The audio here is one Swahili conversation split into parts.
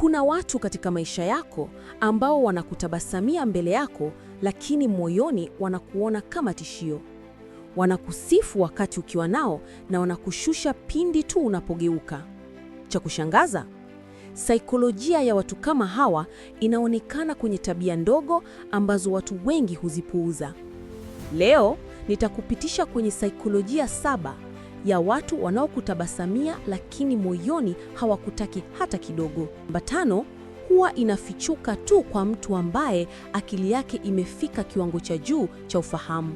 Kuna watu katika maisha yako ambao wanakutabasamia mbele yako, lakini moyoni wanakuona kama tishio. Wanakusifu wakati ukiwa nao na wanakushusha pindi tu unapogeuka. Cha kushangaza, saikolojia ya watu kama hawa inaonekana kwenye tabia ndogo ambazo watu wengi huzipuuza. Leo nitakupitisha kwenye saikolojia saba ya watu wanaokutabasamia lakini moyoni hawakutaki hata kidogo. Namba tano, huwa inafichuka tu kwa mtu ambaye akili yake imefika kiwango cha juu cha ufahamu.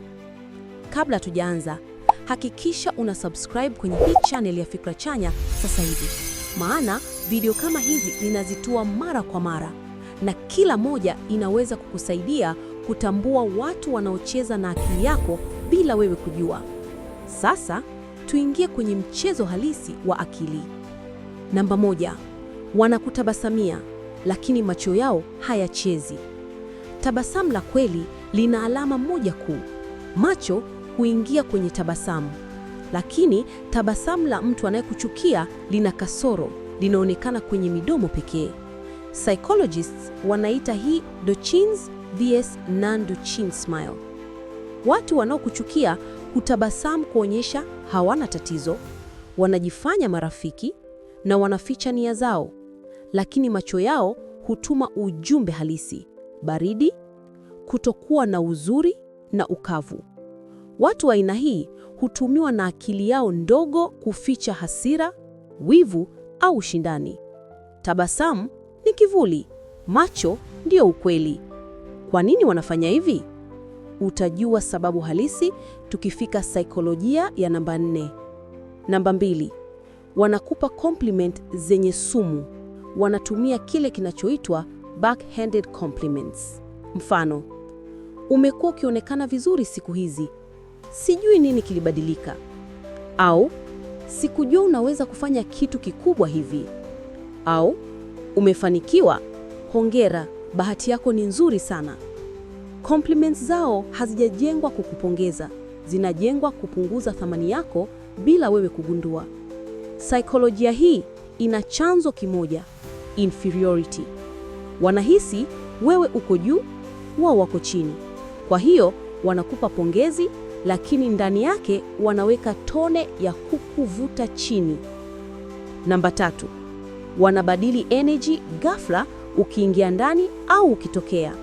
Kabla tujaanza, hakikisha una subscribe kwenye hii channel ya Fikra Chanya sasa hivi, maana video kama hizi ninazitua mara kwa mara na kila moja inaweza kukusaidia kutambua watu wanaocheza na akili yako bila wewe kujua. Sasa tuingie kwenye mchezo halisi wa akili. Namba moja, wanakutabasamia lakini macho yao hayachezi. Tabasamu la kweli lina alama moja kuu. Macho huingia kwenye tabasamu, lakini tabasamu la mtu anayekuchukia lina kasoro, linaonekana kwenye midomo pekee. Psychologists wanaita hii Duchin's vs non smile. Watu wanaokuchukia hutabasamu kuonyesha hawana tatizo, wanajifanya marafiki na wanaficha nia zao, lakini macho yao hutuma ujumbe halisi: baridi, kutokuwa na uzuri na ukavu. Watu wa aina hii hutumiwa na akili yao ndogo kuficha hasira, wivu au ushindani. Tabasamu ni kivuli, macho ndiyo ukweli. Kwa nini wanafanya hivi? utajua sababu halisi tukifika saikolojia ya namba nne. Namba mbili, wanakupa compliment zenye sumu. Wanatumia kile kinachoitwa backhanded compliments. Mfano, umekuwa ukionekana vizuri siku hizi, sijui nini kilibadilika, au sikujua unaweza kufanya kitu kikubwa hivi, au umefanikiwa, hongera, bahati yako ni nzuri sana. Compliments zao hazijajengwa kukupongeza, zinajengwa kupunguza thamani yako bila wewe kugundua. Saikolojia hii ina chanzo kimoja, inferiority. Wanahisi wewe uko juu, wao wako chini. Kwa hiyo wanakupa pongezi, lakini ndani yake wanaweka tone ya kukuvuta chini. Namba tatu, wanabadili energy ghafla ukiingia ndani au ukitokea.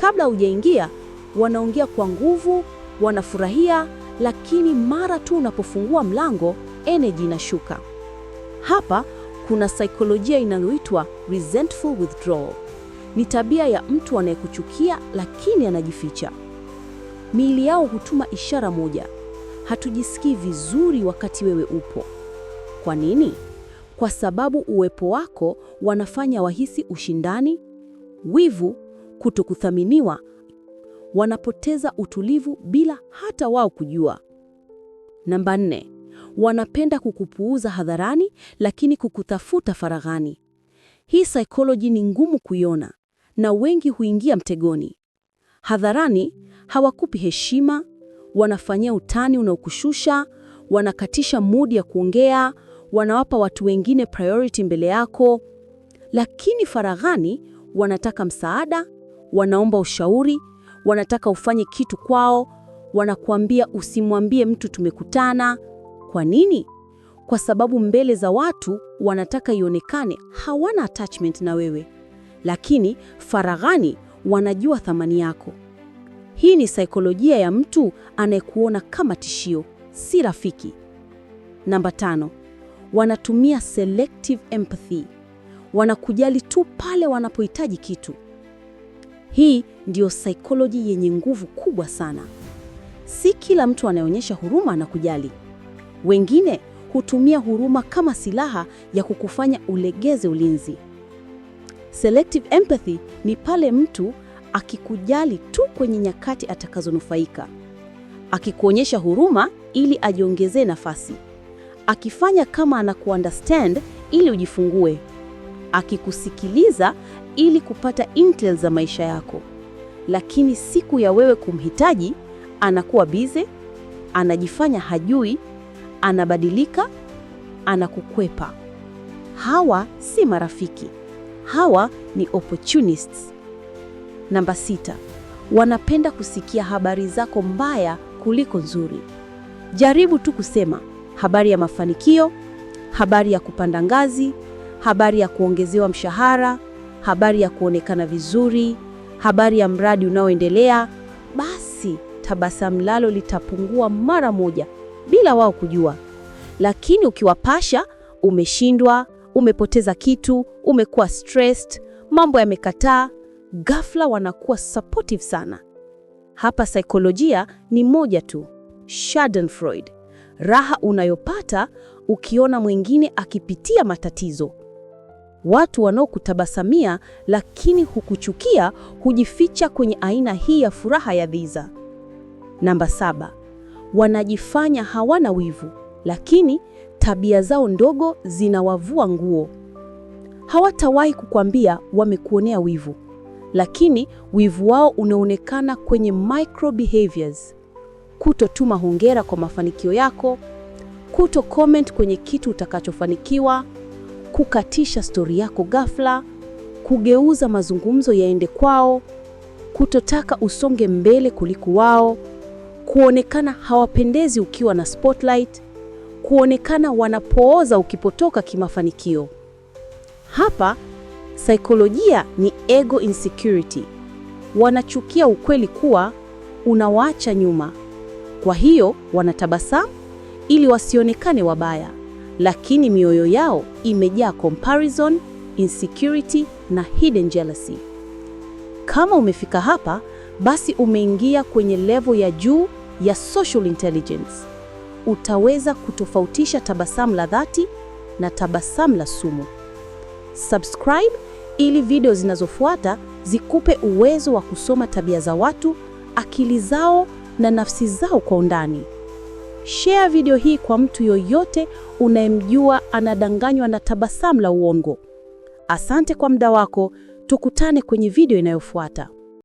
Kabla hujaingia, wanaongea kwa nguvu, wanafurahia, lakini mara tu unapofungua mlango, energy inashuka. Hapa kuna saikolojia inayoitwa resentful withdrawal. Ni tabia ya mtu anayekuchukia lakini anajificha. Miili yao hutuma ishara moja: hatujisikii vizuri wakati wewe upo. Kwa nini? Kwa sababu uwepo wako wanafanya wahisi ushindani, wivu kutokuthaminiwa, wanapoteza utulivu bila hata wao kujua. Namba nne, wanapenda kukupuuza hadharani lakini kukutafuta faraghani. Hii saikoloji ni ngumu kuiona na wengi huingia mtegoni. Hadharani hawakupi heshima, wanafanyia utani unaokushusha, wanakatisha mudi ya kuongea, wanawapa watu wengine priority mbele yako. Lakini faraghani wanataka msaada, wanaomba ushauri, wanataka ufanye kitu kwao, wanakuambia usimwambie mtu tumekutana. Kwa nini? Kwa sababu mbele za watu wanataka ionekane hawana attachment na wewe, lakini faraghani wanajua thamani yako. Hii ni saikolojia ya mtu anayekuona kama tishio, si rafiki. Namba tano, wanatumia selective empathy. Wanakujali tu pale wanapohitaji kitu. Hii ndiyo saikoloji yenye nguvu kubwa sana. Si kila mtu anayeonyesha huruma na kujali. Wengine hutumia huruma kama silaha ya kukufanya ulegeze ulinzi. Selective empathy ni pale mtu akikujali tu kwenye nyakati atakazonufaika, akikuonyesha huruma ili ajiongezee nafasi, akifanya kama anakuunderstand ili ujifungue akikusikiliza ili kupata intel za maisha yako. Lakini siku ya wewe kumhitaji, anakuwa bize, anajifanya hajui, anabadilika, anakukwepa. Hawa si marafiki, hawa ni opportunists. Namba sita, wanapenda kusikia habari zako mbaya kuliko nzuri. Jaribu tu kusema habari ya mafanikio, habari ya kupanda ngazi habari ya kuongezewa mshahara, habari ya kuonekana vizuri, habari ya mradi unaoendelea, basi tabasamu lalo litapungua mara moja bila wao kujua. Lakini ukiwapasha, umeshindwa, umepoteza kitu, umekuwa stressed, mambo yamekataa, ghafla wanakuwa supportive sana. Hapa saikolojia ni moja tu, Schadenfreude, raha unayopata ukiona mwingine akipitia matatizo. Watu wanaokutabasamia lakini hukuchukia hujificha kwenye aina hii ya furaha ya dhiza. Namba saba, wanajifanya hawana wivu, lakini tabia zao ndogo zinawavua nguo. Hawatawahi kukwambia wamekuonea wivu, lakini wivu wao unaonekana kwenye micro behaviors: kutotuma hongera kwa mafanikio yako, kuto comment kwenye kitu utakachofanikiwa kukatisha stori yako ghafla, kugeuza mazungumzo yaende kwao, kutotaka usonge mbele kuliko wao, kuonekana hawapendezi ukiwa na spotlight, kuonekana wanapooza ukipotoka kimafanikio. Hapa saikolojia ni ego insecurity. Wanachukia ukweli kuwa unawaacha nyuma, kwa hiyo wanatabasamu ili wasionekane wabaya lakini mioyo yao imejaa comparison, insecurity na hidden jealousy. Kama umefika hapa, basi umeingia kwenye level ya juu ya social intelligence. Utaweza kutofautisha tabasamu la dhati na tabasamu la sumu. Subscribe ili video zinazofuata zikupe uwezo wa kusoma tabia za watu, akili zao na nafsi zao kwa undani. Share video hii kwa mtu yoyote unayemjua anadanganywa na tabasamu la uongo. Asante kwa muda wako, tukutane kwenye video inayofuata.